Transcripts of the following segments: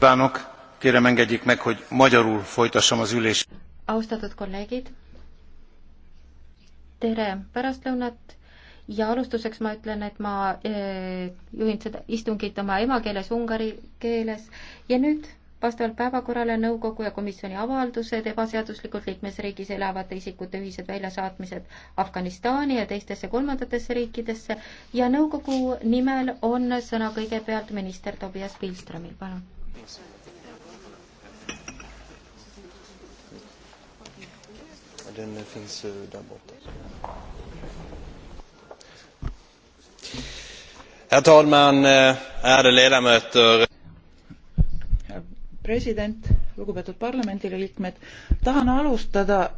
kvánok! kérem engedjék meg hogy magyarul folytassam az ülést. austatud kolleegid tere pärastlõunat ja alustuseks ma ütlen, et ma e, juhin seda istungit oma emakeeles, ungari keeles ja nüüd vastavalt päevakorrale nõukogu ja komisjoni avaldused ebaseaduslikult liikmesriigis elavate isikute ühised väljasaatmised Afganistani ja teistesse kolmandatesse riikidesse ja nõukogu nimel on sõna kõigepealt minister Tobias Pilstromil, palun Den finns där borta. Herr talman, eh, ärade ledamöter. President, lugupeetud parlamendiliikmed, tahan alustada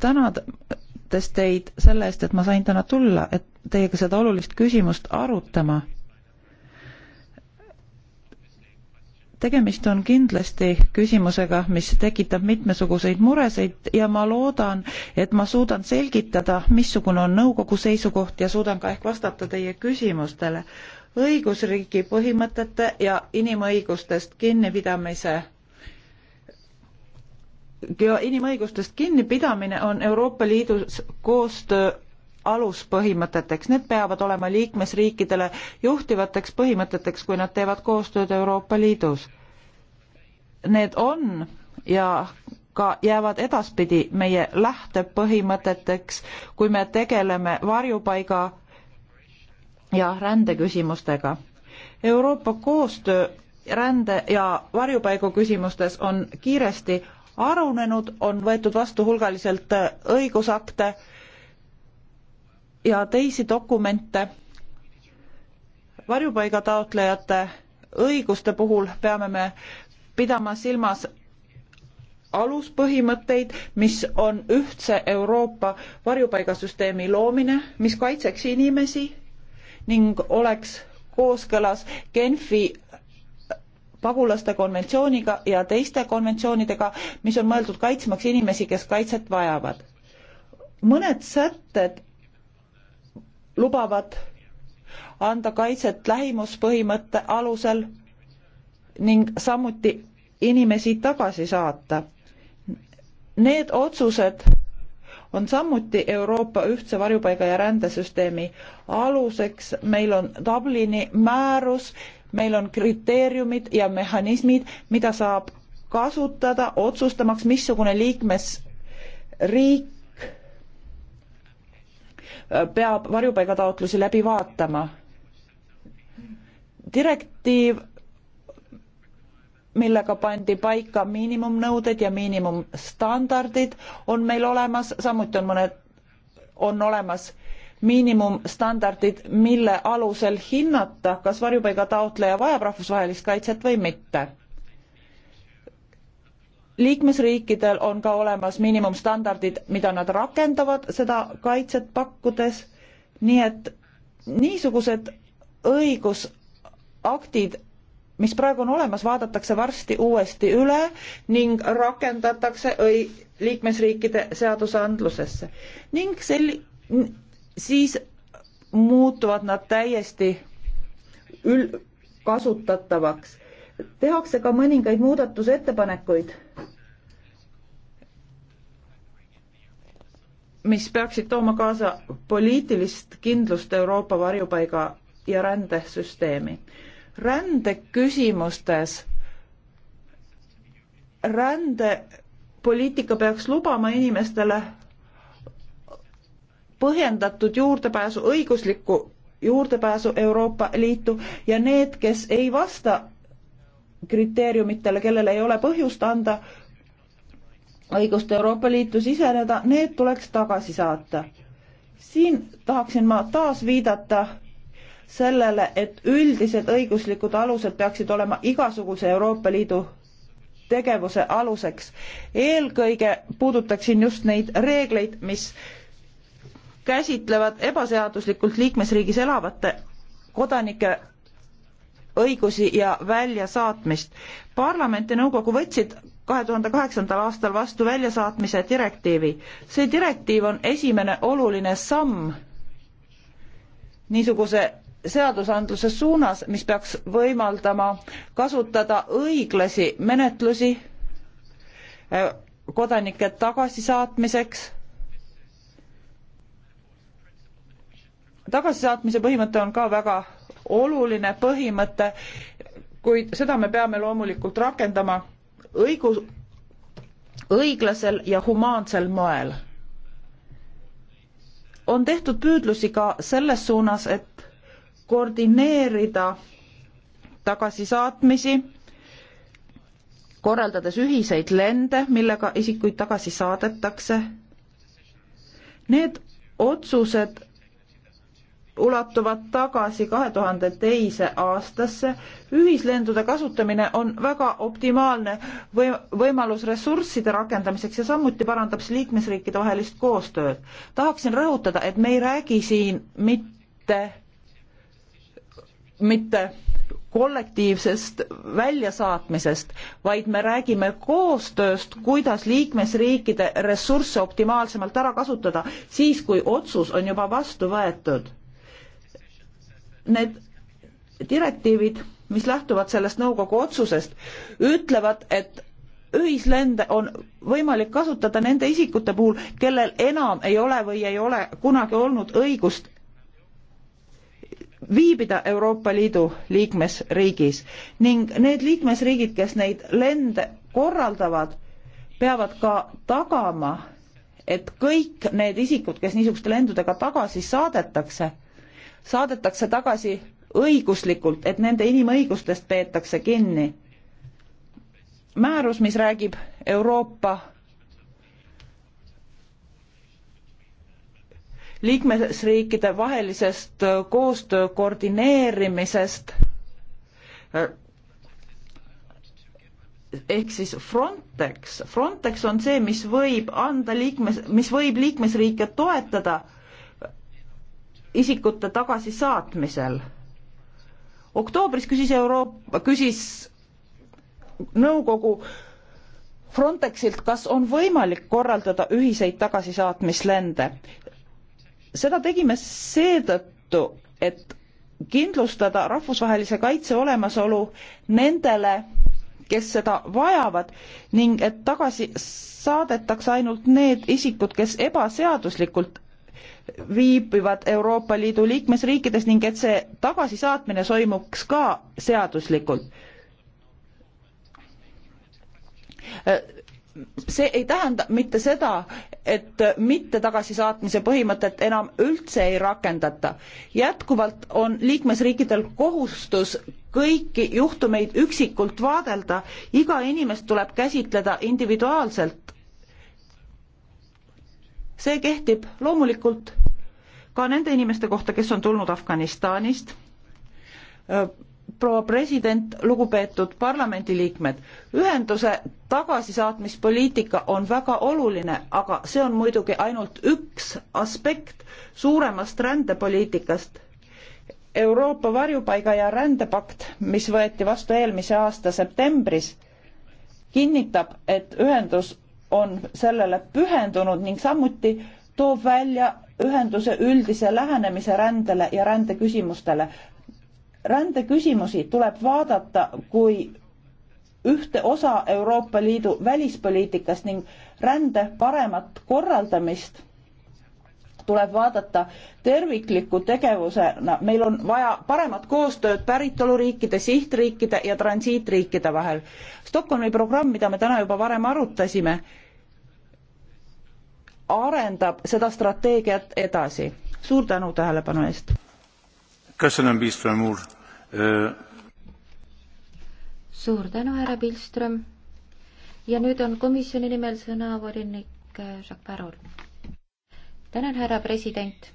tänades teid selle eest, et ma sain täna tulla, et teiega seda olulist küsimust arutama tegemist on kindlasti küsimusega, mis tekitab mitmesuguseid muresid ja ma loodan, et ma suudan selgitada, missugune on nõukogu seisukoht ja suudan ka ehk vastata teie küsimustele. õigusriigi põhimõtete ja inimõigustest kinnipidamise ja inimõigustest kinnipidamine on Euroopa Liidus koostöö aluspõhimõteteks, need peavad olema liikmesriikidele juhtivateks põhimõteteks, kui nad teevad koostööd Euroopa Liidus. Need on ja ka jäävad edaspidi meie lähtepõhimõteteks, kui me tegeleme varjupaiga ja rändeküsimustega. Euroopa koostöö rände ja varjupaigu küsimustes on kiiresti arunenud, on võetud vastu hulgaliselt õigusakte ja teisi dokumente. varjupaigataotlejate õiguste puhul peame me pidama silmas aluspõhimõtteid, mis on ühtse Euroopa varjupaigasüsteemi loomine, mis kaitseks inimesi ning oleks kooskõlas Genfi pagulaste konventsiooniga ja teiste konventsioonidega, mis on mõeldud kaitsmaks inimesi, kes kaitset vajavad. mõned sätted lubavad anda kaitset lähimuspõhimõtte alusel ning samuti inimesi tagasi saata. Need otsused on samuti Euroopa ühtse varjupaiga ja rändesüsteemi aluseks. meil on Dublini määrus, meil on kriteeriumid ja mehhanismid, mida saab kasutada otsustamaks, missugune liikmesriik peab varjupaigataotlusi läbi vaatama. direktiiv, millega pandi paika miinimumnõuded ja miinimumstandardid, on meil olemas, samuti on mõned, on olemas miinimumstandardid, mille alusel hinnata, kas varjupaigataotleja vajab rahvusvahelist kaitset või mitte liikmesriikidel on ka olemas miinimumstandardid, mida nad rakendavad seda kaitset pakkudes, nii et niisugused õigusaktid, mis praegu on olemas, vaadatakse varsti uuesti üle ning rakendatakse õi-, liikmesriikide seadusandlusesse. ning sel-, siis muutuvad nad täiesti ül-, kasutatavaks. tehakse ka mõningaid muudatusettepanekuid mis peaksid tooma kaasa poliitilist kindlust Euroopa varjupaiga ja rändesüsteemi. rändeküsimustes, rändepoliitika peaks lubama inimestele põhjendatud juurdepääsu, õiguslikku juurdepääsu Euroopa Liitu ja need, kes ei vasta kriteeriumitele, kellel ei ole põhjust anda õigust Euroopa Liitu siseneda, need tuleks tagasi saata. siin tahaksin ma taas viidata sellele, et üldised õiguslikud alused peaksid olema igasuguse Euroopa Liidu tegevuse aluseks. eelkõige puudutaksin just neid reegleid, mis käsitlevad ebaseaduslikult liikmesriigis elavate kodanike õigusi ja väljasaatmist. parlament ja nõukogu võtsid kahe tuhande kaheksandal aastal vastu väljasaatmise direktiivi. see direktiiv on esimene oluline samm niisuguse seadusandluse suunas, mis peaks võimaldama kasutada õiglasi menetlusi äh, kodanike tagasisaatmiseks. tagasisaatmise põhimõte on ka väga oluline põhimõte, kuid seda me peame loomulikult rakendama õigus, õiglasel ja humaansel moel. on tehtud püüdlusi ka selles suunas, et koordineerida tagasisaatmisi, korraldades ühiseid lende, millega isikuid tagasi saadetakse. Need otsused ulatuvad tagasi kahe tuhande teise aastasse. ühislendude kasutamine on väga optimaalne või võimalus ressursside rakendamiseks ja samuti parandab see liikmesriikide vahelist koostööd. tahaksin rõhutada, et me ei räägi siin mitte, mitte kollektiivsest väljasaatmisest, vaid me räägime koostööst, kuidas liikmesriikide ressursse optimaalsemalt ära kasutada, siis kui otsus on juba vastu võetud need direktiivid, mis lähtuvad sellest nõukogu otsusest, ütlevad, et ühislende on võimalik kasutada nende isikute puhul, kellel enam ei ole või ei ole kunagi olnud õigust viibida Euroopa Liidu liikmesriigis ning need liikmesriigid, kes neid lende korraldavad, peavad ka tagama, et kõik need isikud, kes niisuguste lendudega tagasi saadetakse, saadetakse tagasi õiguslikult, et nende inimõigustest peetakse kinni. määrus, mis räägib Euroopa liikmesriikide vahelisest koostöö koordineerimisest ehk siis Frontex, Frontex on see, mis võib anda liikmes, mis võib liikmesriike toetada isikute tagasisaatmisel. oktoobris küsis Euroopa, küsis nõukogu Frontexilt, kas on võimalik korraldada ühiseid tagasisaatmislende. seda tegime seetõttu, et kindlustada rahvusvahelise kaitse olemasolu nendele, kes seda vajavad ning et tagasi saadetaks ainult need isikud, kes ebaseaduslikult viibivad Euroopa Liidu liikmesriikides ning et see tagasisaatmine toimuks ka seaduslikult. see ei tähenda mitte seda, et mitte tagasisaatmise põhimõtet enam üldse ei rakendata. jätkuvalt on liikmesriikidel kohustus kõiki juhtumeid üksikult vaadelda, iga inimest tuleb käsitleda individuaalselt see kehtib loomulikult ka nende inimeste kohta, kes on tulnud Afganistanist. Äh, proua president, lugupeetud parlamendiliikmed, ühenduse tagasisaatmispoliitika on väga oluline, aga see on muidugi ainult üks aspekt suuremast rändepoliitikast Euroopa varjupaiga ja rändepakt, mis võeti vastu eelmise aasta septembris, kinnitab, et ühendus on sellele pühendunud ning samuti toob välja ühenduse üldise lähenemise rändele ja rändeküsimustele. rändeküsimusi tuleb vaadata kui ühte osa Euroopa Liidu välispoliitikast ning rände paremat korraldamist tuleb vaadata tervikliku tegevusena. meil on vaja paremat koostööd päritoluriikide, sihtriikide ja transiitriikide vahel. Stockholmi programm, mida me täna juba varem arutasime, arendab seda strateegiat edasi. suur tänu tähelepanu eest! suur tänu, härra Pilström! ja nüüd on komisjoni nimel sõna volinik äh, Jacques Parol tänan, härra president.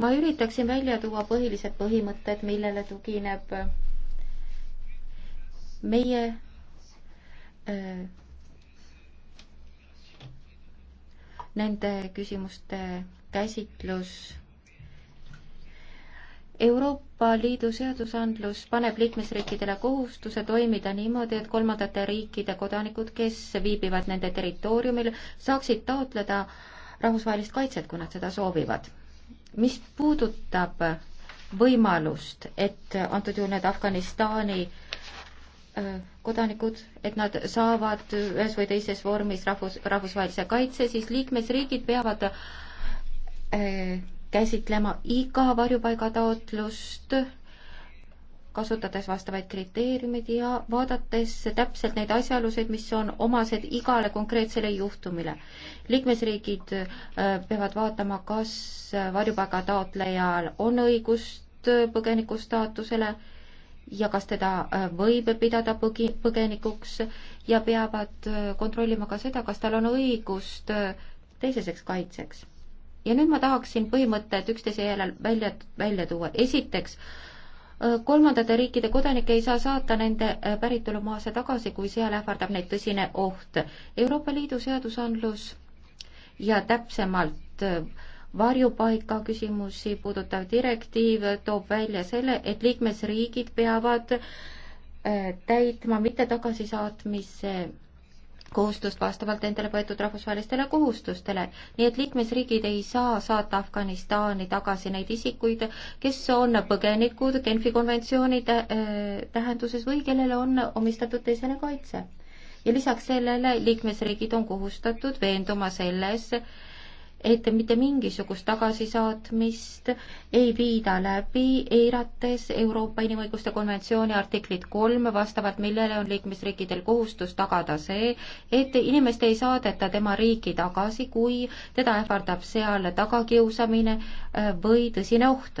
ma üritaksin välja tuua põhilised põhimõtted, millele tugineb meie öö, äh, nende küsimuste käsitlus Euroopa Liidu seadusandlus paneb liikmesriikidele kohustuse toimida niimoodi, et kolmandate riikide kodanikud, kes viibivad nende territooriumil, saaksid taotleda rahvusvahelist kaitset, kui nad seda soovivad. mis puudutab võimalust, et antud juhul need Afganistani äh, kodanikud, et nad saavad ühes või teises vormis rahvus, rahvusvahelise kaitse, siis liikmesriigid peavad eh, käsitlema iga varjupaigataotlust, kasutades vastavaid kriteeriumeid ja vaadates täpselt neid asjaolusid, mis on omased igale konkreetsele juhtumile. liikmesriigid äh, peavad vaatama, kas varjupaigataotlejal on õigust äh, põgeniku staatusele ja kas teda äh, võib pidada põgi, põgenikuks ja peavad kontrollima ka seda, kas tal on õigust teiseseks kaitseks ja nüüd ma tahaksin põhimõtted üksteise järel välja, välja tuua. esiteks, äh, kolmandate riikide kodanikke ei saa saata nende äh, päritolumaasse tagasi, kui seal ähvardab neid tõsine oht. Euroopa Liidu seadusandlus ja täpsemalt äh, varjupaika küsimusi puudutav direktiiv toob välja selle, et liikmesriigid peavad täitma mitte tagasisaatmise kohustust vastavalt endale võetud rahvusvahelistele kohustustele. nii et liikmesriigid ei saa saata Afganistani tagasi neid isikuid, kes on põgenikud Genfi konventsiooni äh, tähenduses või kellele on omistatud teisene kaitse. ja lisaks sellele liikmesriigid on kohustatud veenduma selles, et mitte mingisugust tagasisaatmist ei viida läbi, eirates Euroopa Inimõiguste konventsiooni artiklit kolm, vastavalt millele on liikmesriikidel kohustus tagada see, et inimest ei saadeta tema riiki tagasi, kui teda ähvardab seal tagakiusamine äh, või tõsine oht.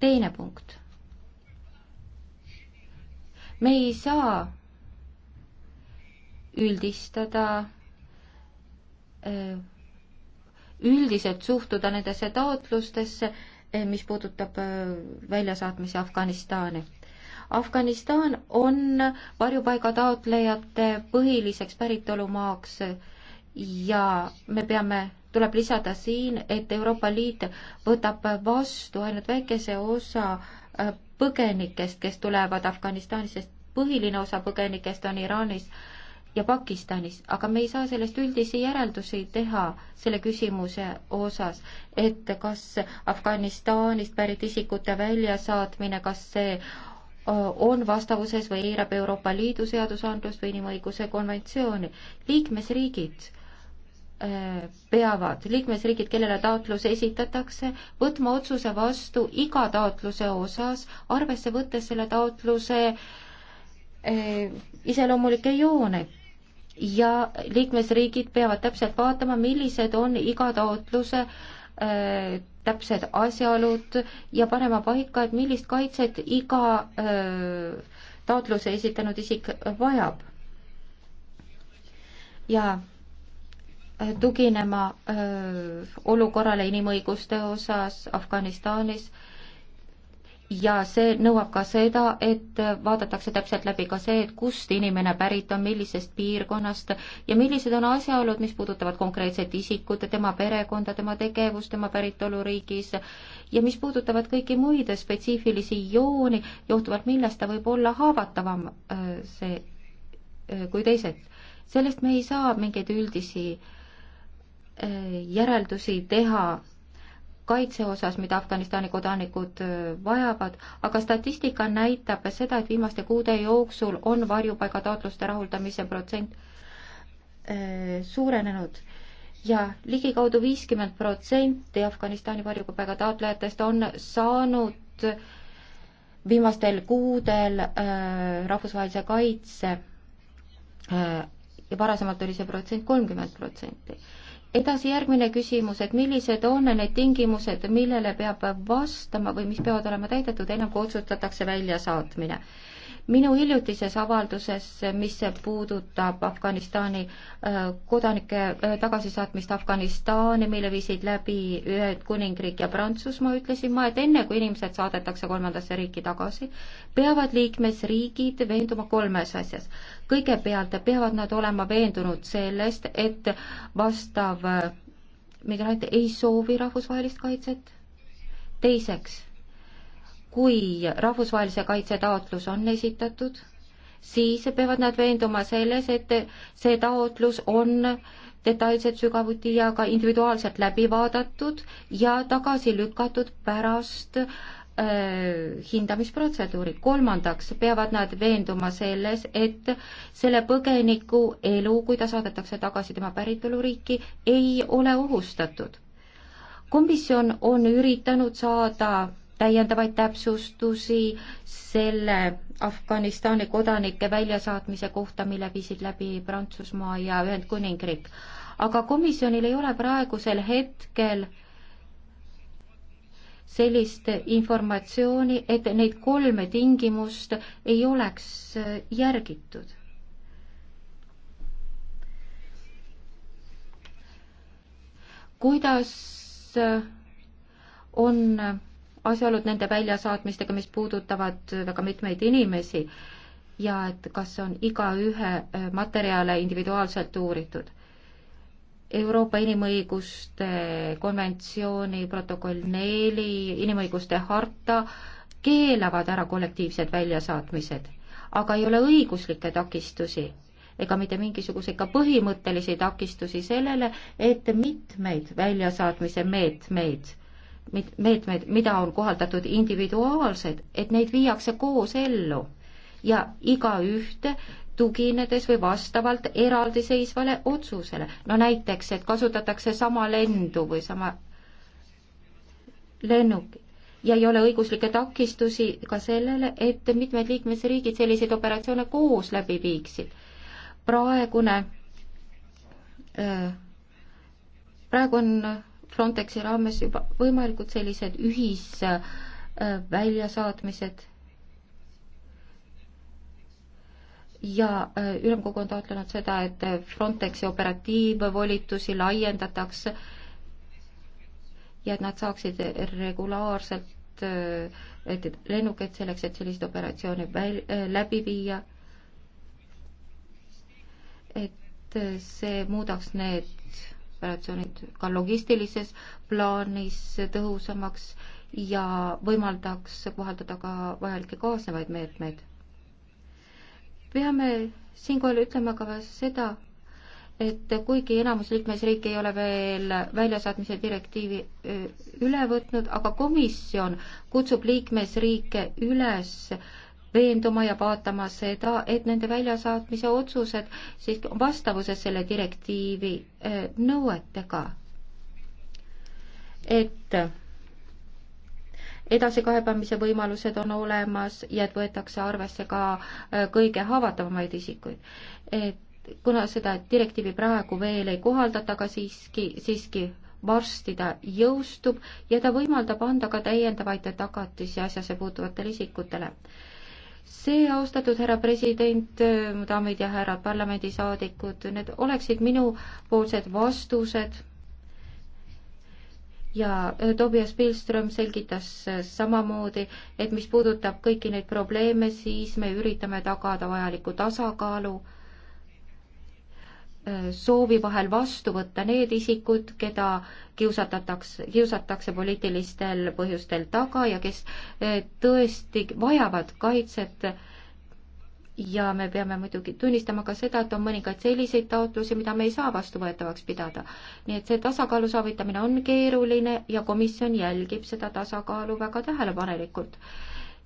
teine punkt. me ei saa üldistada Äh, üldiselt suhtuda nendesse taotlustesse, äh, mis puudutab äh, väljasaatmisi Afganistani. Afganistan on varjupaiga taotlejate põhiliseks päritolumaaks ja me peame, tuleb lisada siin, et Euroopa Liit võtab vastu ainult väikese osa põgenikest, kes tulevad Afganistanist, sest põhiline osa põgenikest on Iraanis äh, ja Pakistanis, aga me ei saa sellest üldisi järeldusi teha selle küsimuse osas, et kas Afganistanist pärit isikute väljasaatmine, kas see on vastavuses või eirab Euroopa Liidu seadusandlust või inimõiguse konventsiooni. liikmesriigid peavad, liikmesriigid, kellele taotlus esitatakse, võtma otsuse vastu iga taotluse osas, arvesse võttes selle taotluse iseloomulikke joone ja liikmesriigid peavad täpselt vaatama, millised on iga taotluse äh, täpsed asjaolud ja panema paika, et millist kaitset iga äh, taotluse esitanud isik vajab. ja äh, tuginema äh, olukorrale inimõiguste osas Afganistanis äh, ja see nõuab ka seda, et vaadatakse täpselt läbi ka see, et kust inimene pärit on, millisest piirkonnast ja millised on asjaolud, mis puudutavad konkreetset isikut, tema perekonda, tema tegevust tema päritoluriigis ja mis puudutavad kõiki muid spetsiifilisi jooni, johtuvalt millest ta võib olla haavatavam äh, see äh, kui teised. sellest me ei saa mingeid üldisi äh, järeldusi teha kaitse osas, mida Afganistani kodanikud äh, vajavad, aga statistika näitab seda, et viimaste kuude jooksul on varjupaigataotluste rahuldamise protsent äh, suurenenud ja ligikaudu viiskümmend protsenti Afganistani varjupaiga taotlejatest on saanud viimastel kuudel äh, rahvusvahelise kaitse äh, ja varasemalt oli see protsent kolmkümmend protsenti edasi järgmine küsimus, et millised on need tingimused, millele peab vastama või mis peavad olema täidetud, ennem kui otsustatakse väljasaatmine minu hiljutises avalduses, mis puudutab Afganistani äh, kodanike äh, tagasisaatmist Afganistani, mille viisid läbi Ühendkuningriik ja Prantsusmaa, ütlesin ma, et enne, kui inimesed saadetakse kolmandasse riiki tagasi, peavad liikmesriigid veenduma kolmes asjas. kõigepealt peavad nad olema veendunud sellest, et vastav äh, migrant ei soovi rahvusvahelist kaitset. teiseks kui rahvusvahelise kaitse taotlus on esitatud, siis peavad nad veenduma selles, et see taotlus on detailselt sügavuti ja ka individuaalselt läbi vaadatud ja tagasi lükatud pärast äh, hindamisprotseduuri. kolmandaks peavad nad veenduma selles, et selle põgeniku elu, kui ta saadetakse tagasi tema päritoluriiki, ei ole ohustatud. komisjon on üritanud saada täiendavaid täpsustusi selle Afganistani kodanike väljasaatmise kohta, mille viisid läbi Prantsusmaa ja Ühendkuningriik. aga komisjonil ei ole praegusel hetkel sellist informatsiooni, et neid kolme tingimust ei oleks järgitud kuidas on asjaolud nende väljasaatmistega, mis puudutavad väga mitmeid inimesi ja et kas on igaühe äh, materjale individuaalselt uuritud. Euroopa Inimõiguste konventsiooni protokoll neli, inimõiguste harta keelavad ära kollektiivsed väljasaatmised, aga ei ole õiguslikke takistusi ega mitte mingisuguseid ka põhimõttelisi takistusi sellele, et mitmeid väljasaatmise meetmeid meet meetmed, mida on kohaldatud individuaalselt, et neid viiakse koos ellu ja igaühte tuginedes või vastavalt eraldiseisvale otsusele. no näiteks, et kasutatakse sama lendu või sama lennuki ja ei ole õiguslikke takistusi ka sellele, et mitmed liikmesriigid selliseid operatsioone koos läbi viiksid. praegune, äh, praegu on Frontexi raames juba võimalikud sellised ühisväljasaatmised äh, ja äh, ülemkogu on taotlenud seda, et äh, Frontexi operatiivvolitusi laiendataks ja et nad saaksid regulaarselt et lennukeid selleks, et selliseid operatsioone väl-, läbi viia, et see muudaks need operatsioonid ka logistilises plaanis tõhusamaks ja võimaldaks kohaldada ka vajalikke kaasnevaid meetmeid. peame siinkohal ütlema ka seda, et kuigi enamus liikmesriike ei ole veel väljasaatmise direktiivi üle võtnud, aga komisjon kutsub liikmesriike üles veenduma ja vaatama seda, et nende väljasaatmise otsused siis vastavuses selle direktiivi äh, nõuetega. et edasikaebamise võimalused on olemas ja et võetakse arvesse ka äh, kõige haavatavamaid isikuid. et kuna seda direktiivi praegu veel ei kohaldata, aga siiski, siiski varsti ta jõustub ja ta võimaldab anda ka täiendavaid tagatisi asjasse puutuvatele isikutele see, austatud härra president, daamid ja härrad parlamendisaadikud, need oleksid minupoolsed vastused ja äh, Tobias Pilström selgitas äh, samamoodi, et mis puudutab kõiki neid probleeme, siis me üritame tagada vajaliku tasakaalu soovi vahel vastu võtta need isikud, keda kiusatatakse, kiusatakse poliitilistel põhjustel taga ja kes eh, tõesti vajavad kaitset. ja me peame muidugi tunnistama ka seda, et on mõningaid selliseid taotlusi, mida me ei saa vastuvõetavaks pidada. nii et see tasakaalu saavutamine on keeruline ja komisjon jälgib seda tasakaalu väga tähelepanelikult.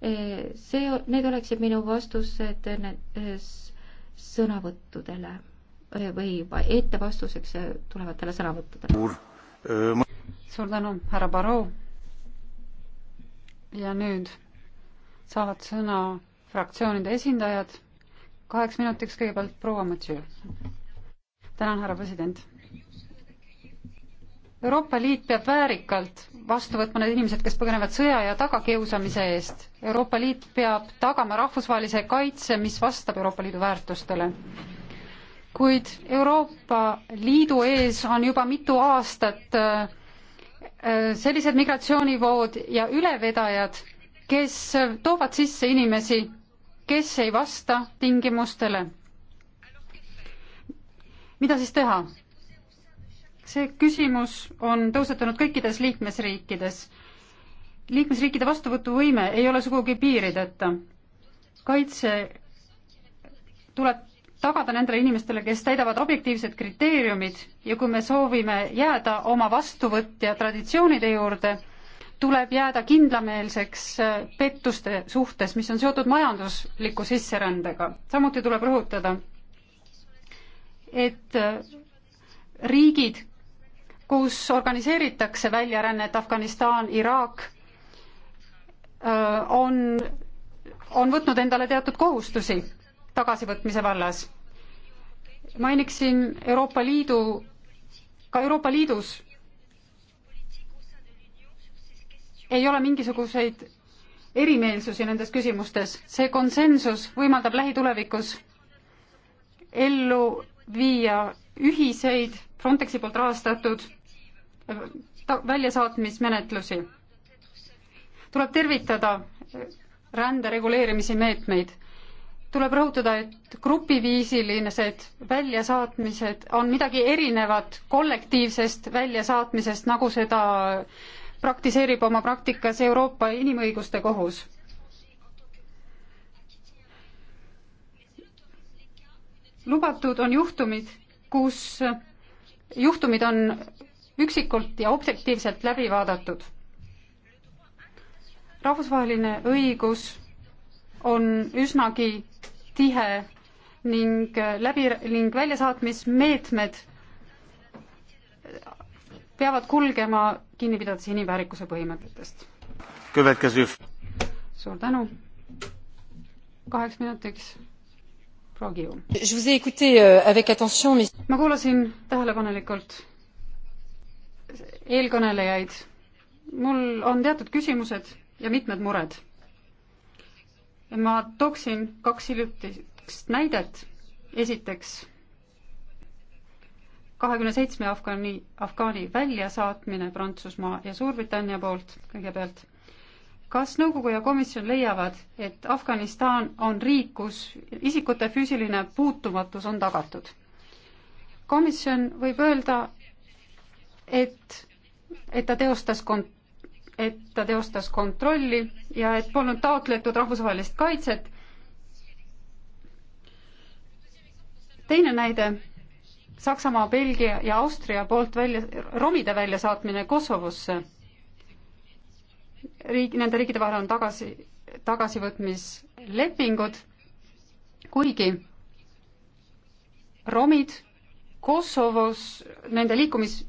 Eh, see, need oleksid minu vastused eh, sõnavõttudele või ette vastuseks tulevatele sõnavõttudele. suur tänu, härra Barrot. ja nüüd saavad sõna fraktsioonide esindajad. kaheks minutiks kõigepealt proua Mathieu. tänan, härra president. Euroopa Liit peab väärikalt vastu võtma need inimesed, kes põgenevad sõja ja tagakiusamise eest. Euroopa Liit peab tagama rahvusvahelise kaitse, mis vastab Euroopa Liidu väärtustele kuid Euroopa Liidu ees on juba mitu aastat äh, äh, sellised migratsioonivood ja ülevedajad, kes toovad sisse inimesi, kes ei vasta tingimustele. mida siis teha? see küsimus on tõusetunud kõikides liikmesriikides. liikmesriikide vastuvõtuvõime ei ole sugugi piirideta. kaitse tuleb tagada nendele inimestele, kes täidavad objektiivsed kriteeriumid ja kui me soovime jääda oma vastuvõtja traditsioonide juurde, tuleb jääda kindlameelseks äh, pettuste suhtes, mis on seotud majandusliku sisserändega. samuti tuleb rõhutada, et äh, riigid, kus organiseeritakse väljarännet, Afganistan, Iraak, äh, on, on võtnud endale teatud kohustusi tagasivõtmise vallas. mainiksin Euroopa Liidu, ka Euroopa Liidus ei ole mingisuguseid erimeelsusi nendes küsimustes, see konsensus võimaldab lähitulevikus ellu viia ühiseid Frontexi poolt rahastatud äh, väljasaatmismenetlusi. tuleb tervitada rände reguleerimise meetmeid tuleb rõhutada, et grupiviisilised väljasaatmised on midagi erinevat kollektiivsest väljasaatmisest, nagu seda praktiseerib oma praktikas Euroopa Inimõiguste Kohus. lubatud on juhtumid, kus juhtumid on üksikult ja objektiivselt läbi vaadatud. rahvusvaheline õigus on üsnagi tihe ning läbi ning väljasaatmismeetmed peavad kulgema kinni pidades inimväärikuse põhimõtetest. suur tänu. kaheks minutiks proua Kiiu. Euh, ma kuulasin tähelepanelikult eelkõnelejaid. mul on teatud küsimused ja mitmed mured ma tooksin kaks hiljutist näidet. esiteks kahekümne seitsme Afgaani, Afgaani väljasaatmine Prantsusmaa ja Suurbritannia poolt kõigepealt. kas nõukogu ja komisjon leiavad, et Afganistan on riik, kus isikute füüsiline puutumatus on tagatud? komisjon võib öelda, et, et ta teostas kont-, et ta teostas kontrolli ja et polnud taotletud rahvusvahelist kaitset. teine näide, Saksamaa, Belgia ja Austria poolt välja, romide väljasaatmine Kosovosse. riik, nende riikide vahel on tagasi, tagasivõtmislepingud, kuigi romid Kosovos, nende liikumis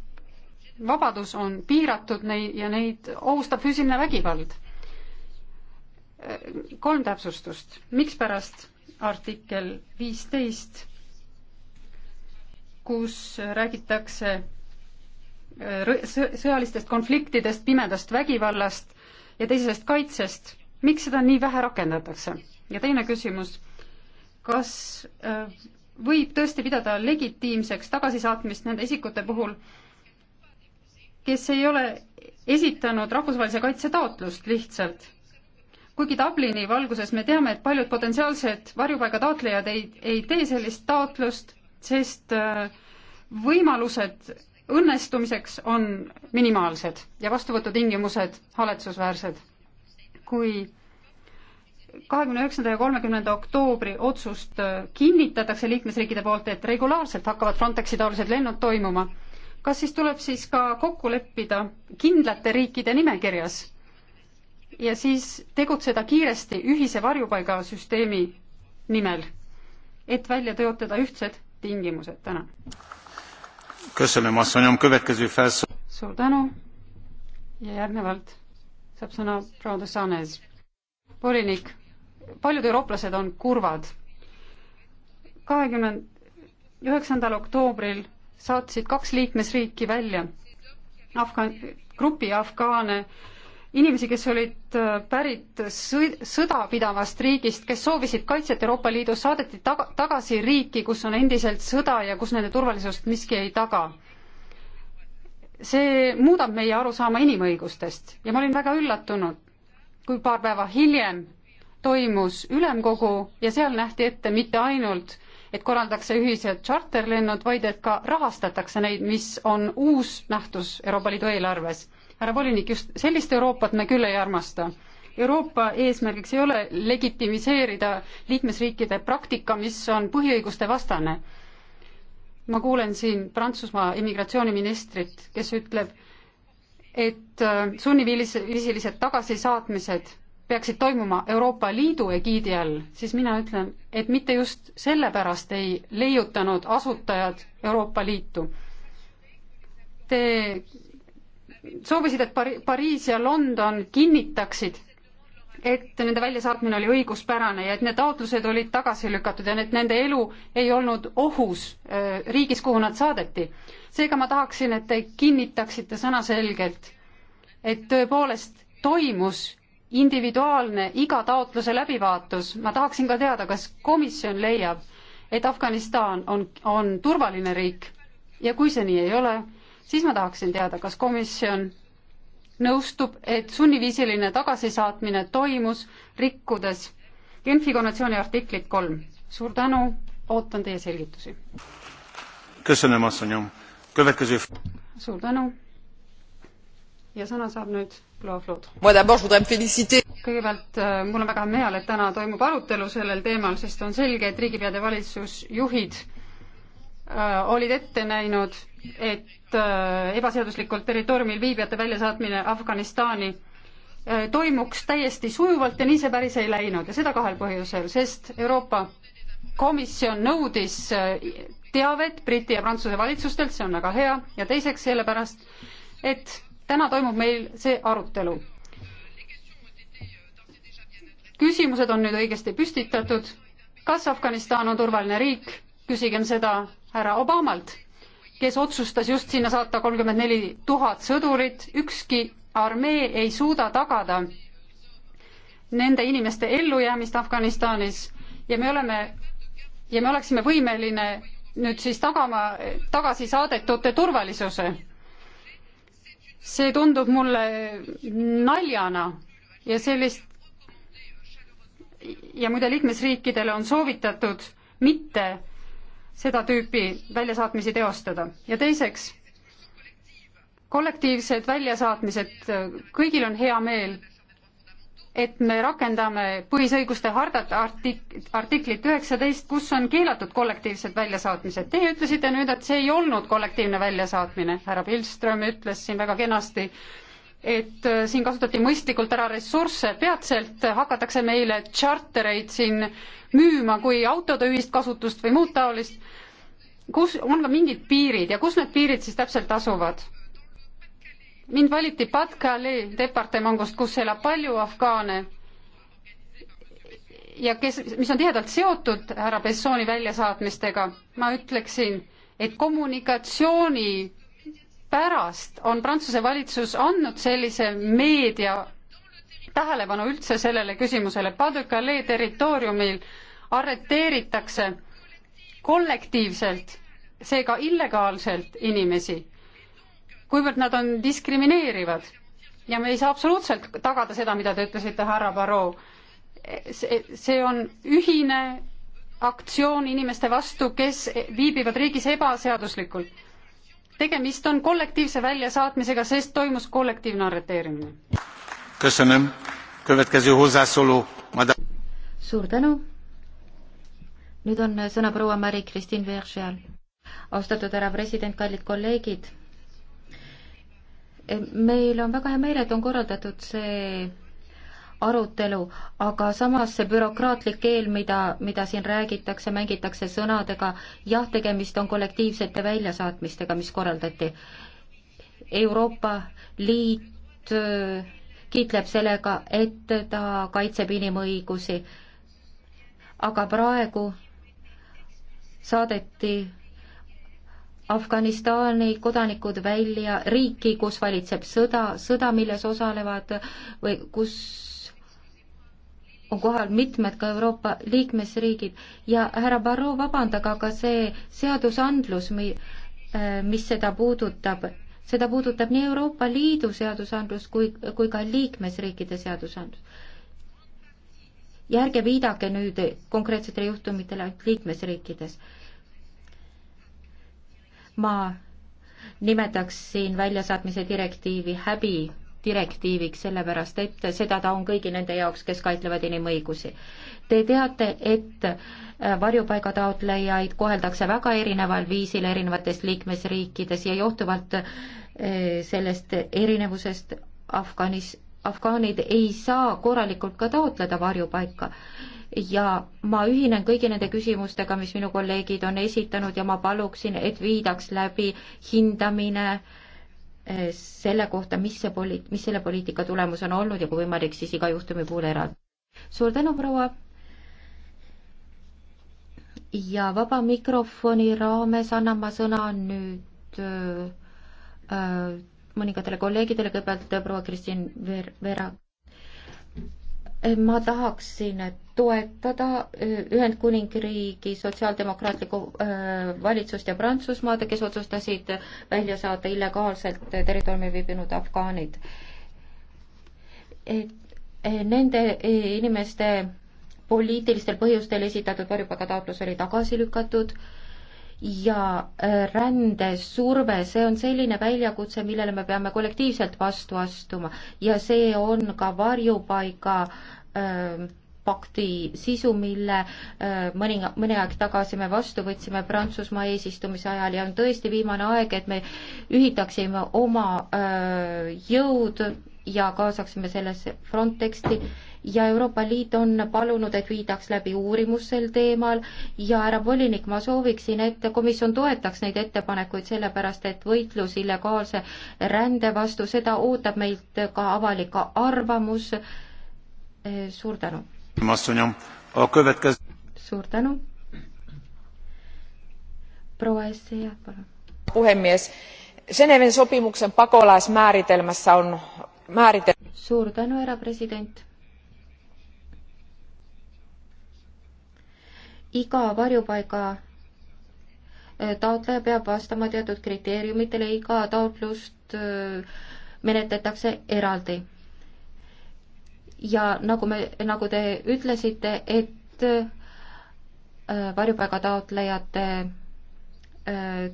vabadus on piiratud neid ja neid ohustab füüsiline vägivald. kolm täpsustust, mikspärast artikkel viisteist, kus räägitakse äh, sõjalistest konfliktidest, pimedast vägivallast ja teisest kaitsest, miks seda nii vähe rakendatakse? ja teine küsimus, kas äh, võib tõesti pidada legitiimseks tagasisaatmist nende isikute puhul, kes ei ole esitanud rahvusvahelise kaitse taotlust lihtsalt. kuigi Dublini valguses me teame, et paljud potentsiaalsed varjupaiga taotlejad ei, ei tee sellist taotlust, sest äh, võimalused õnnestumiseks on minimaalsed ja vastuvõtutingimused haletsusväärsed. kui kahekümne üheksanda ja kolmekümnenda oktoobri otsust äh, kinnitatakse liikmesriikide poolt, et regulaarselt hakkavad Frontexi taolised lennud toimuma kas siis tuleb siis ka kokku leppida kindlate riikide nimekirjas ja siis tegutseda kiiresti ühise varjupaigasüsteemi nimel, et välja töötada ühtsed tingimused, tänan. suur tänu ja järgnevalt saab sõna proua de Sanes. volinik, paljud eurooplased on kurvad. kahekümne üheksandal oktoobril saatsid kaks liikmesriiki välja Afgan-, grupi afgaane inimesi, kes olid äh, pärit sõi-, sõdapidavast riigist, kes soovisid kaitset Euroopa Liidus, saadeti taga, tagasi riiki, kus on endiselt sõda ja kus nende turvalisust miski ei taga. see muudab meie arusaama inimõigustest ja ma olin väga üllatunud, kui paar päeva hiljem toimus ülemkogu ja seal nähti ette mitte ainult et korraldatakse ühised tšarterlennud, vaid et ka rahastatakse neid, mis on uus nähtus Euroopa Liidu eelarves. härra volinik, just sellist Euroopat me küll ei armasta. Euroopa eesmärgiks ei ole legitimiseerida liikmesriikide praktika, mis on põhiõiguste vastane. ma kuulen siin Prantsusmaa immigratsiooniministrit, kes ütleb, et äh, sunniviisilised tagasisaatmised peaksid toimuma Euroopa Liidu egiidi all, siis mina ütlen, et mitte just sellepärast ei leiutanud asutajad Euroopa Liitu. Te soovisid, et Pari-, Pariis ja London kinnitaksid, et nende väljasaatmine oli õiguspärane ja et need taotlused olid tagasi lükatud ja et nende elu ei olnud ohus äh, riigis, kuhu nad saadeti. seega ma tahaksin, et te kinnitaksite sõnaselgelt, et tõepoolest toimus individuaalne iga taotluse läbivaatus. ma tahaksin ka teada, kas komisjon leiab, et Afganistan on, on turvaline riik ja kui see nii ei ole, siis ma tahaksin teada, kas komisjon nõustub, et sunniviisiline tagasisaatmine toimus, rikkudes Genfi konventsiooni artiklit kolm. suur tänu, ootan teie selgitusi. suur tänu ja sõna saab nüüd Looflud. kõigepealt äh, mul on väga hea meel, et täna toimub arutelu sellel teemal, sest on selge, et riigipead ja valitsusjuhid äh, olid ette näinud, et äh, ebaseaduslikult territooriumil viibijate väljasaatmine Afganistani toimuks täiesti sujuvalt ja nii see päris ei läinud ja seda kahel põhjusel, sest Euroopa Komisjon nõudis teavet Briti ja Prantsuse valitsustelt, see on väga hea, ja teiseks sellepärast, et täna toimub meil see arutelu. küsimused on nüüd õigesti püstitatud. kas Afganistan on turvaline riik? küsigem seda härra Obamalt, kes otsustas just sinna saata kolmkümmend neli tuhat sõdurit, ükski armee ei suuda tagada nende inimeste ellujäämist Afganistanis ja me oleme ja me oleksime võimeline nüüd siis tagama tagasi saadetute turvalisuse see tundub mulle naljana ja sellist ja muide liikmesriikidele on soovitatud mitte seda tüüpi väljasaatmisi teostada. ja teiseks, kollektiivsed väljasaatmised, kõigil on hea meel et me rakendame põhisõiguste hardat artik-, artiklit üheksateist, kus on keelatud kollektiivsed väljasaatmised. Teie ütlesite nüüd, et see ei olnud kollektiivne väljasaatmine, härra Pilström ütles siin väga kenasti, et äh, siin kasutati mõistlikult ära ressursse, peatselt hakatakse meile tšartereid siin müüma kui autode ühist kasutust või muud taolist, kus on ka mingid piirid ja kus need piirid siis täpselt asuvad? mind valiti Patkale departamangust, kus elab palju afgaane ja kes, mis on tihedalt seotud härra Bessoni väljasaatmistega. ma ütleksin, et kommunikatsiooni pärast on Prantsuse valitsus andnud sellise meedia tähelepanu üldse sellele küsimusele. Pas-de-Calais territooriumil arreteeritakse kollektiivselt, seega illegaalselt inimesi kuivõrd nad on diskrimineerivad. ja me ei saa absoluutselt tagada seda, mida te ütlesite, härra Barrot. see, see on ühine aktsioon inimeste vastu, kes viibivad riigis ebaseaduslikult. tegemist on kollektiivse väljasaatmisega, sest toimus kollektiivne arreteerimine. suur tänu. nüüd on sõna proua Mari-Kristin Vergeal. austatud härra president, kallid kolleegid meil on väga hea meel, et on korraldatud see arutelu, aga samas see bürokraatlik keel, mida, mida siin räägitakse, mängitakse sõnadega, jah, tegemist on kollektiivsete väljasaatmistega, mis korraldati. Euroopa Liit äh, kiitleb sellega, et ta kaitseb inimõigusi. aga praegu saadeti Afganistani kodanikud välja riiki, kus valitseb sõda, sõda, milles osalevad või kus on kohal mitmed ka Euroopa liikmesriigid ja härra Barrot, vabandage, aga see seadusandlus, äh, mis seda puudutab, seda puudutab nii Euroopa Liidu seadusandlus kui, kui ka liikmesriikide seadusandlus. ja ärge viidake nüüd konkreetsetele juhtumitele ainult liikmesriikides ma nimetaksin väljasaatmise direktiivi häbi direktiiviks, sellepärast et seda ta on kõigi nende jaoks, kes kaitlevad inimõigusi. Te teate, et äh, varjupaigataotlejaid koheldakse väga erineval viisil erinevates liikmesriikides ja johtuvalt äh, sellest erinevusest Afganis, afgaanid ei saa korralikult ka taotleda varjupaika ja ma ühinen kõigi nende küsimustega, mis minu kolleegid on esitanud ja ma paluksin, et viidaks läbi hindamine eh, selle kohta, mis see poli-, mis selle poliitika tulemus on olnud ja kui võimalik, siis iga juhtumi puhul eraldi. suur tänu, proua! ja vaba mikrofoni raames annan ma sõna nüüd öö, eh, öö, eh, mõningatele kolleegidele, kõigepealt proua Kristin Ver-, Vera ma tahaksin toetada äh, Ühendkuningriigi Sotsiaaldemokraatlikku äh, valitsust ja Prantsusmaad, kes otsustasid välja saada illegaalselt territooriumil viibinud afgaanid. et äh, nende inimeste poliitilistel põhjustel esitatud varjupaigataotlus oli tagasi lükatud ja äh, rändesurve, see on selline väljakutse, millele me peame kollektiivselt vastu astuma ja see on ka varjupaiga öö, ähm, pakti sisu, mille äh, mõni, mõni aeg tagasi me vastu võtsime Prantsusmaa eesistumise ajal ja on tõesti viimane aeg, et me ühitaksime oma öö, äh, jõud ja kaasaksime sellesse Frontexi ja Euroopa Liit on palunud, et viidaks läbi uurimus sel teemal ja härra volinik, ma sooviksin, et komisjon toetaks neid ettepanekuid, sellepärast et võitlus illegaalse rände vastu, seda ootab meilt ka avalik arvamus. suur tänu. suur tänu. proua Essija, palun. puhemees, Geneve'i sopimuksen pakolaismääritelmässä on määritelmä. suur tänu, härra president iga varjupaiga äh, taotleja peab vastama teatud kriteeriumitele, iga taotlust äh, menetletakse eraldi. ja nagu me, nagu te ütlesite, et äh, varjupaiga taotlejate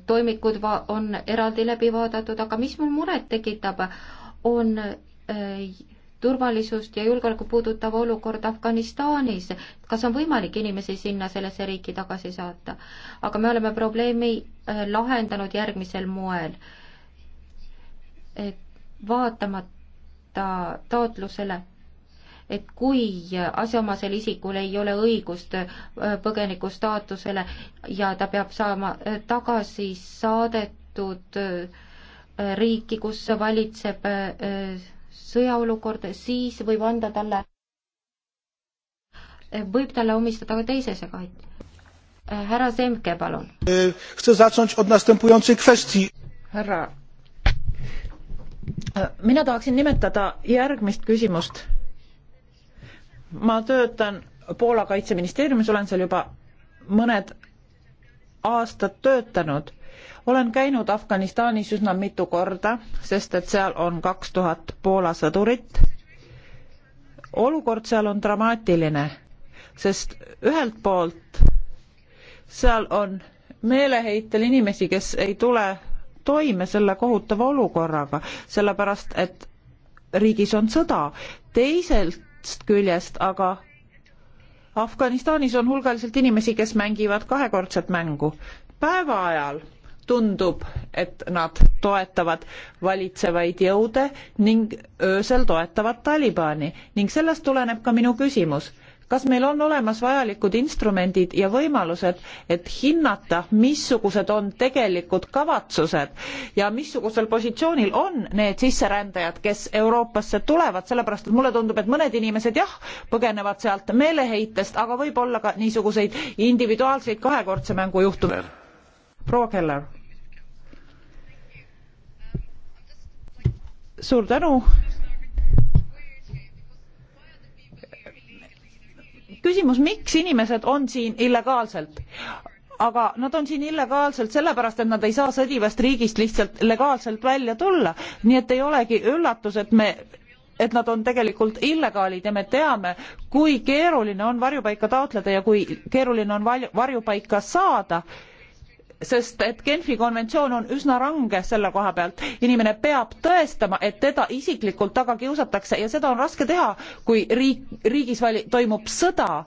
toimikud va-, on eraldi läbi vaadatud, aga mis mul muret tekitab, on turvalisust ja julgeoleku puudutav olukord Afganistanis, kas on võimalik inimesi sinna sellesse riiki tagasi saata. aga me oleme probleemi äh, lahendanud järgmisel moel. vaatamata taotlusele, et kui asjaomasel isikul ei ole õigust äh, põgeniku staatusele ja ta peab saama äh, tagasi saadetud riiki, kus valitseb sõjaolukord, siis võib anda talle, võib talle omistada ka teise segaid. härra Semke, palun. härra, mina tahaksin nimetada järgmist küsimust. ma töötan Poola kaitseministeeriumis, olen seal juba mõned aastad töötanud olen käinud Afganistanis üsna mitu korda, sest et seal on kaks tuhat Poola sõdurit. olukord seal on dramaatiline, sest ühelt poolt seal on meeleheitel inimesi, kes ei tule toime selle kohutava olukorraga, sellepärast et riigis on sõda. teisest küljest aga Afganistanis on hulgaliselt inimesi, kes mängivad kahekordset mängu. päeva ajal tundub, et nad toetavad valitsevaid jõude ning öösel toetavad Talibani ning sellest tuleneb ka minu küsimus. kas meil on olemas vajalikud instrumendid ja võimalused, et hinnata, missugused on tegelikud kavatsused ja missugusel positsioonil on need sisserändajad, kes Euroopasse tulevad, sellepärast et mulle tundub, et mõned inimesed jah, põgenevad sealt meeleheitest, aga võib-olla ka niisuguseid individuaalseid kahekordse mängu juhtumeid proua Keller. suur tänu. küsimus, miks inimesed on siin illegaalselt? aga nad on siin illegaalselt sellepärast, et nad ei saa sõdivast riigist lihtsalt legaalselt välja tulla, nii et ei olegi üllatus, et me et nad on tegelikult illegaalid ja me teame, kui keeruline on varjupaika taotleda ja kui keeruline on varjupaika saada sest et Genfi konventsioon on üsna range selle koha pealt. inimene peab tõestama, et teda isiklikult taga kiusatakse ja seda on raske teha, kui riik, riigis vali-, toimub sõda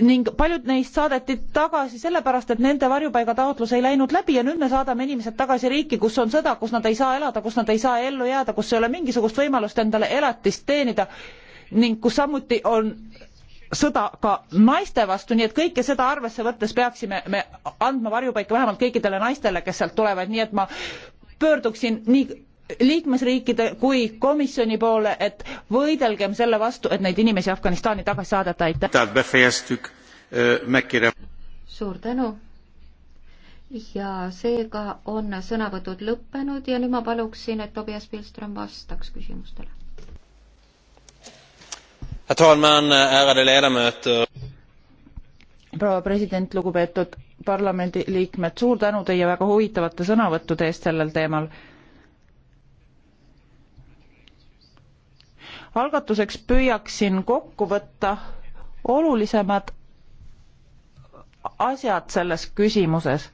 ning paljud neist saadeti tagasi sellepärast, et nende varjupaigataotlus ei läinud läbi ja nüüd me saadame inimesed tagasi riiki, kus on sõda, kus nad ei saa elada, kus nad ei saa ellu jääda, kus ei ole mingisugust võimalust endale elatist teenida ning kus samuti on sõda ka naiste vastu, nii et kõike seda arvesse võttes peaksime me andma varjupaika vähemalt kõikidele naistele, kes sealt tulevad, nii et ma pöörduksin nii liikmesriikide kui komisjoni poole, et võidelgem selle vastu, et neid inimesi Afganistani tagasi saadeta, aitäh. suur tänu. ja seega on sõnavõtud lõppenud ja nüüd ma paluksin, et Tobias Pilström vastaks küsimustele proua president lugupeetud parlamendiliikmed suur tänu teie väga huvitavate sõnavõttude eest sellel teemal algatuseks püüaksin kokku võtta olulisemad asjad selles küsimuses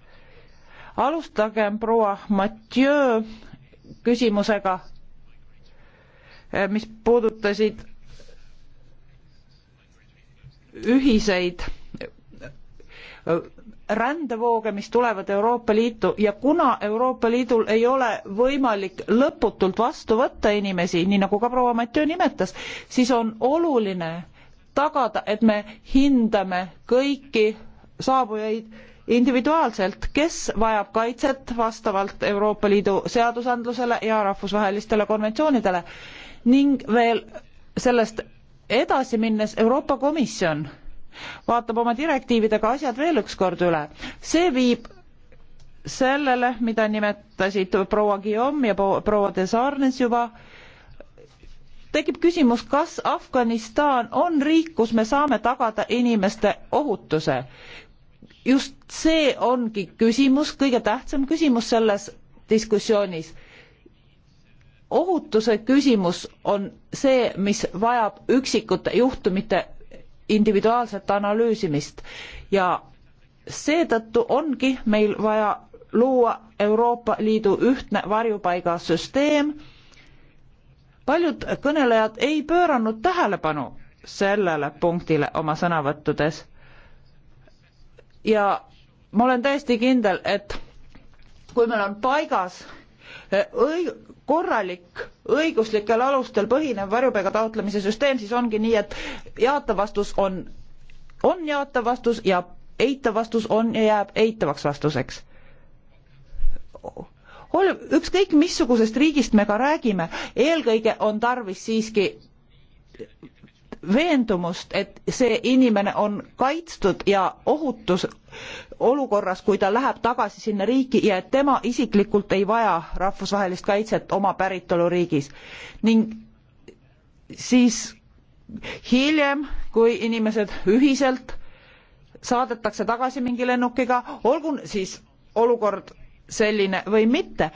alustagem proua Mathieu küsimusega mis puudutasid ühiseid rändevooge, mis tulevad Euroopa Liitu ja kuna Euroopa Liidul ei ole võimalik lõputult vastu võtta inimesi, nii nagu ka proua Mattiö nimetas, siis on oluline tagada, et me hindame kõiki saabujaid individuaalselt, kes vajab kaitset vastavalt Euroopa Liidu seadusandlusele ja rahvusvahelistele konventsioonidele ning veel sellest edasi minnes Euroopa Komisjon vaatab oma direktiividega asjad veel ükskord üle. see viib sellele, mida nimetasid proua Guillaume ja proua Desarnes juba, tekib küsimus, kas Afganistan on riik, kus me saame tagada inimeste ohutuse. just see ongi küsimus, kõige tähtsam küsimus selles diskussioonis ohutuse küsimus on see, mis vajab üksikute juhtumite individuaalset analüüsimist ja seetõttu ongi meil vaja luua Euroopa Liidu ühtne varjupaigasüsteem. paljud kõnelejad ei pööranud tähelepanu sellele punktile oma sõnavõttudes. ja ma olen täiesti kindel, et kui meil on paigas õig-, korralik õiguslikel alustel põhinev varjupaiga taotlemise süsteem, siis ongi nii, et jaatav vastus on, on jaatav vastus ja eitav vastus on ja jääb eitavaks vastuseks ol-, ükskõik missugusest riigist me ka räägime, eelkõige on tarvis siiski veendumust, et see inimene on kaitstud ja ohutus olukorras, kui ta läheb tagasi sinna riiki ja et tema isiklikult ei vaja rahvusvahelist kaitset oma päritoluriigis. ning siis hiljem, kui inimesed ühiselt saadetakse tagasi mingi lennukiga, olgu siis olukord selline või mitte,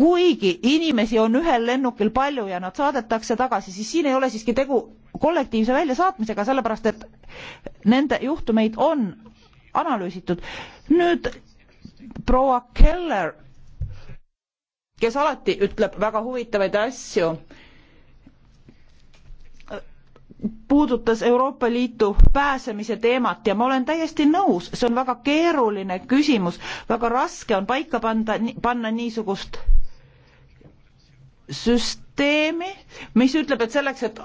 kuigi inimesi on ühel lennukil palju ja nad saadetakse tagasi, siis siin ei ole siiski tegu kollektiivse väljasaatmisega, sellepärast et nende juhtumeid on analüüsitud. nüüd proua Keller, kes alati ütleb väga huvitavaid asju, puudutas Euroopa Liitu pääsemise teemat ja ma olen täiesti nõus, see on väga keeruline küsimus, väga raske on paika panda, panna niisugust süsteemi, mis ütleb, et selleks, et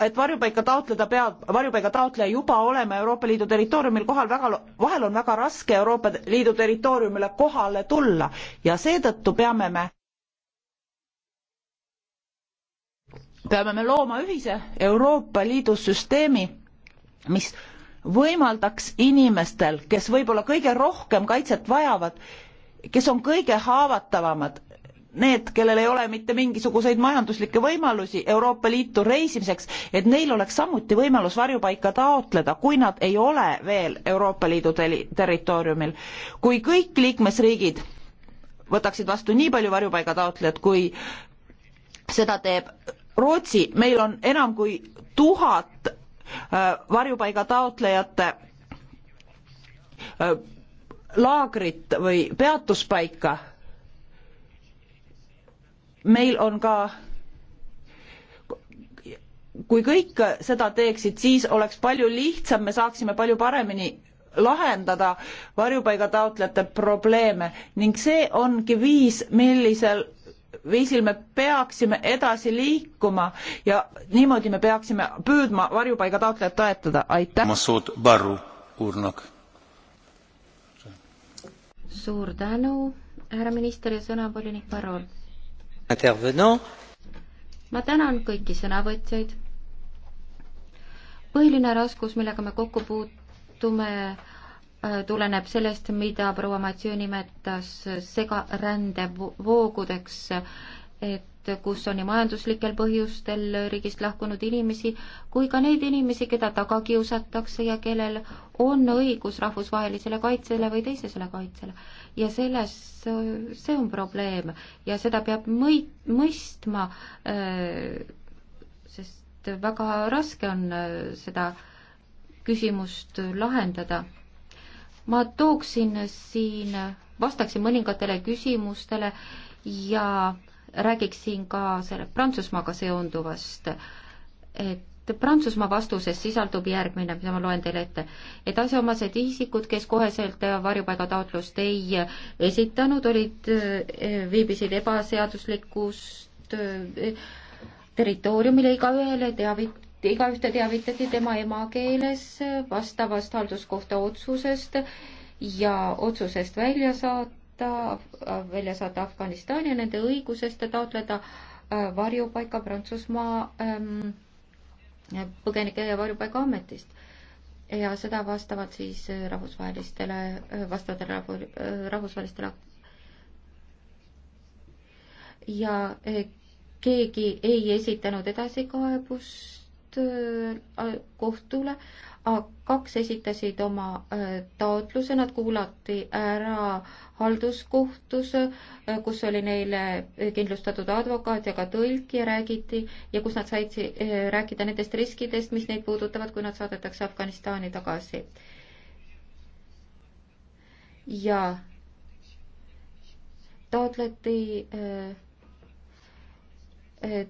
et varjupaika taotleda peab, varjupaiga taotleja juba olema Euroopa Liidu territooriumil kohal, väga, vahel on väga raske Euroopa Liidu territooriumile kohale tulla ja seetõttu peame me, peame me looma ühise Euroopa Liidu süsteemi, mis võimaldaks inimestel, kes võib-olla kõige rohkem kaitset vajavad, kes on kõige haavatavamad, need, kellel ei ole mitte mingisuguseid majanduslikke võimalusi Euroopa Liitu reisimiseks, et neil oleks samuti võimalus varjupaika taotleda, kui nad ei ole veel Euroopa Liidu territooriumil. kui kõik liikmesriigid võtaksid vastu nii palju varjupaiga taotlejad, kui seda teeb Rootsi, meil on enam kui tuhat äh, varjupaiga taotlejate äh, laagrit või peatuspaika meil on ka kui kõik seda teeksid, siis oleks palju lihtsam, me saaksime palju paremini lahendada varjupaigataotlejate probleeme ning see ongi viis, millisel viisil me peaksime edasi liikuma ja niimoodi me peaksime püüdma varjupaigataotlejat toetada, aitäh. Massoud Barru, Urnak. suur tänu, härra minister ja sõna volinik Barrol ma tänan kõiki sõnavõtjaid. põhiline raskus, millega me kokku puutume, äh, tuleneb sellest, mida proua Matsiö nimetas segarändevoogudeks, et riigist, kus on nii majanduslikel põhjustel riigist lahkunud inimesi, kui ka neid inimesi, keda taga kiusatakse ja kellel on õigus rahvusvahelisele kaitsele või teisesele kaitsele. ja selles, see on probleem ja seda peab mõi-, mõistma, äh, sest väga raske on äh, seda küsimust lahendada. ma tooksin siin, vastaksin mõningatele küsimustele ja räägiksin ka selle Prantsusmaaga seonduvast, et Prantsusmaa vastuses sisaldub järgmine, mida ma loen teile ette. et asjaomased isikud, kes koheselt varjupaigataotlust ei esitanud, olid, eh, viibisid ebaseaduslikust eh, territooriumile igaühele teavit-, igaühte teavitati tema emakeeles vastavast halduskohta otsusest ja otsusest välja saat-, saata, äh, välja saata Afganistani ja nende õigusest taotleda äh, varjupaika Prantsusmaa ähm, põgenike ja varjupaigaametist. ja seda vastavalt siis äh, rahvusvahelistele, vastavatele rahvu, rahvusvahelistele ja keegi ei esitanud edasikaebust Äh, kohtule, kaks esitasid oma äh, taotluse, nad kuulati ära halduskohtus, äh, kus oli neile kindlustatud advokaat ja ka tõlk ja räägiti ja kus nad said rääkida nendest riskidest, mis neid puudutavad, kui nad saadetakse Afganistani tagasi. ja taotleti äh,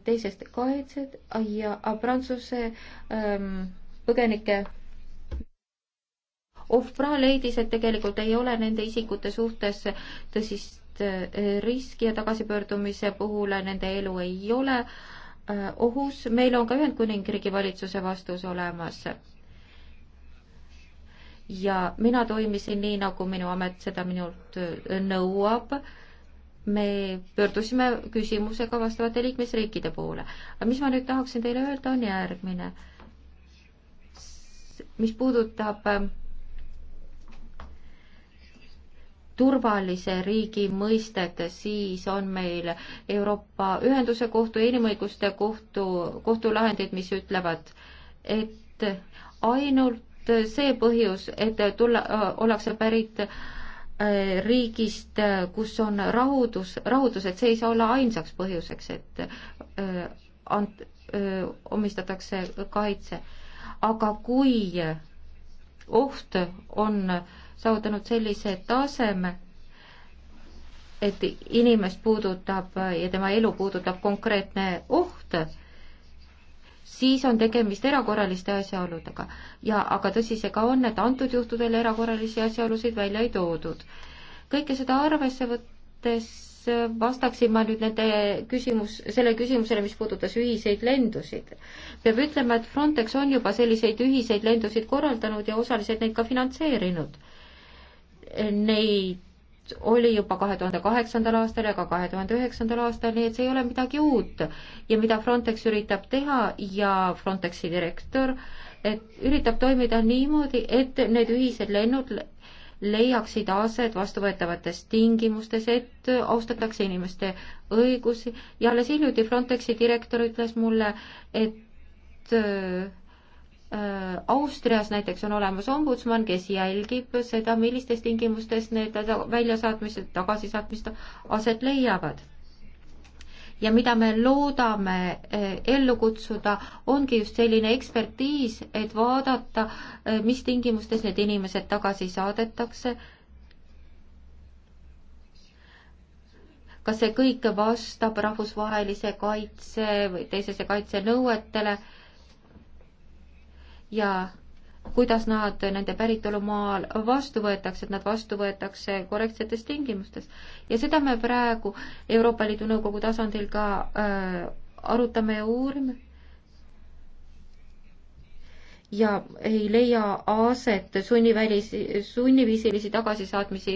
teisest kaitsed ja Prantsuse ähm, põgenike Ofra leidis, et tegelikult ei ole nende isikute suhtes tõsist äh, riski ja tagasipöördumise puhul nende elu ei ole äh, ohus. meil on ka Ühendkuningriigi valitsuse vastus olemas. ja mina toimisin nii, nagu minu amet seda minult äh, nõuab me pöördusime küsimusega vastavate liikmesriikide poole. aga mis ma nüüd tahaksin teile öelda, on järgmine. mis puudutab ähm, turvalise riigi mõistet, siis on meil Euroopa Ühenduse Kohtu ja Inimõiguste Kohtu, kohtulahendid, mis ütlevad, et ainult see põhjus, et tulla, äh, ollakse pärit äh, Äh, riigist, äh, kus on rahudus, rahutused, see ei saa olla ainsaks põhjuseks, et äh, ant-, omistatakse kaitse. aga kui oht on saavutanud sellise taseme, et inimest puudutab ja tema elu puudutab konkreetne oht, siis on tegemist erakorraliste asjaoludega. ja aga tõsi see ka on, et antud juhtudel erakorralisi asjaolusid välja ei toodud. kõike seda arvesse võttes vastaksin ma nüüd nende küsimus, selle küsimusele, mis puudutas ühiseid lendusid. peab ütlema, et Frontex on juba selliseid ühiseid lendusid korraldanud ja osaliselt neid ka finantseerinud. Neid oli juba kahe tuhande kaheksandal aastal ja ka kahe tuhande üheksandal aastal, nii et see ei ole midagi uut. ja mida Frontex üritab teha ja Frontexi direktor, et üritab toimida niimoodi, et need ühised lennud leiaksid aset vastuvõetavates tingimustes, et austatakse inimeste õigusi ja alles hiljuti Frontexi direktor ütles mulle, et Äh, Austrias näiteks on olemas ombudsman, kes jälgib seda, millistes tingimustes need väljasaatmised, tagasisaatmised aset leiavad. ja mida me loodame äh, ellu kutsuda, ongi just selline ekspertiis, et vaadata, äh, mis tingimustes need inimesed tagasi saadetakse, kas see kõik vastab rahvusvahelise kaitse või teisese kaitse nõuetele ja kuidas nad nende päritolumaal vastu võetakse, et nad vastu võetakse korrektsetes tingimustes. ja seda me praegu Euroopa Liidu Nõukogu tasandil ka äh, arutame ja uurime ja ei leia aset sunnivälis, sunniviisilisi tagasisaatmisi,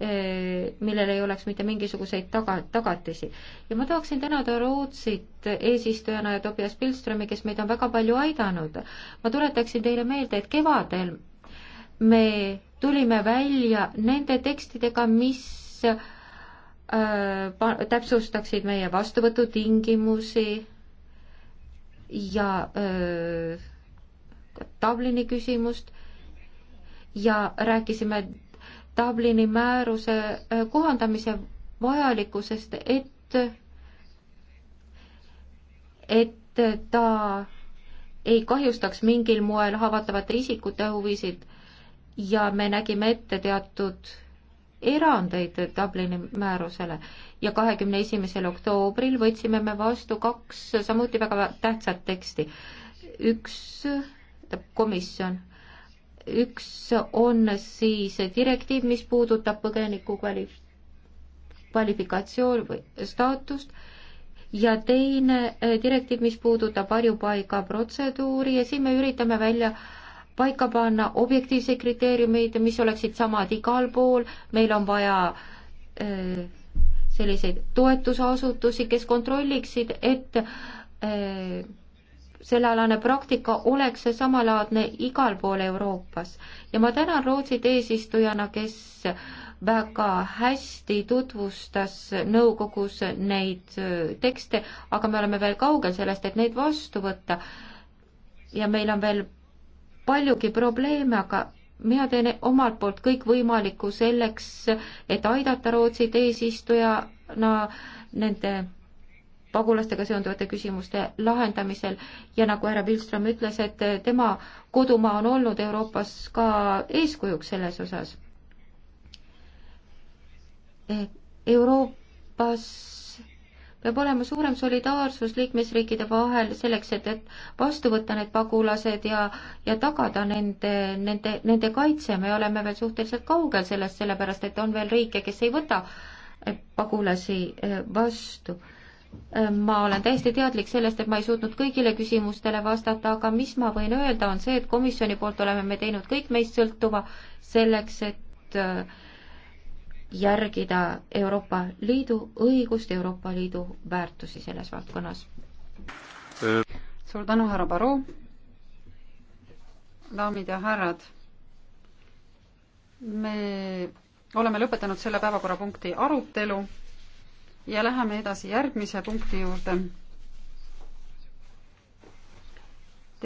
eh, millel ei oleks mitte mingisuguseid taga, tagatisi. ja ma tahaksin tänada Rootsit eesistujana ja Tobias Pilströmi, kes meid on väga palju aidanud. ma tuletaksin teile meelde, et kevadel me tulime välja nende tekstidega, mis äh, täpsustaksid meie vastuvõtutingimusi ja öö, äh, eh, Dublini küsimust ja rääkisime Dublini määruse äh, kohandamise vajalikkusest, et, et ta ei kahjustaks mingil moel haavatavate isikute huvisid ja me nägime ette teatud erandeid Dublini määrusele ja kahekümne esimesel oktoobril võtsime me vastu kaks samuti väga tähtsat teksti. üks esitab komisjon. üks on siis direktiiv, mis puudutab põgeniku kvali-, kvalifikatsioon või staatust ja teine eh, direktiiv, mis puudutab varjupaiga protseduuri ja siin me üritame välja paika panna objektiivseid kriteeriumeid, mis oleksid samad igal pool, meil on vaja äh, selliseid toetusasutusi, kes kontrolliksid, et äh, sellealane praktika oleks samalaadne igal pool Euroopas ja ma tänan Rootsit eesistujana, kes väga hästi tutvustas nõukogus neid äh, tekste, aga me oleme veel kaugel sellest, et neid vastu võtta. ja meil on veel paljugi probleeme, aga mina teen omalt poolt kõik võimalikku selleks, et aidata Rootsit eesistujana nende pagulastega seonduvate küsimuste lahendamisel ja nagu härra Pilström ütles, et tema kodumaa on olnud Euroopas ka eeskujuks selles osas. Euroopas peab olema suurem solidaarsus liikmesriikide vahel selleks, et, et vastu võtta need pagulased ja, ja tagada nende, nende, nende kaitse, me oleme veel suhteliselt kaugel sellest, sellepärast et on veel riike, kes ei võta pagulasi eh, vastu Ehm, ma olen täiesti teadlik sellest, et ma ei suutnud kõigile küsimustele vastata, aga mis ma võin öelda, on see, et komisjoni poolt oleme me teinud kõik meist sõltuva selleks, et äh, järgida Euroopa Liidu õigust, Euroopa Liidu väärtusi selles valdkonnas. suur tänu, härra Barrot. daamid ja härrad, me oleme lõpetanud selle päevakorrapunkti arutelu ja läheme edasi järgmise punkti juurde.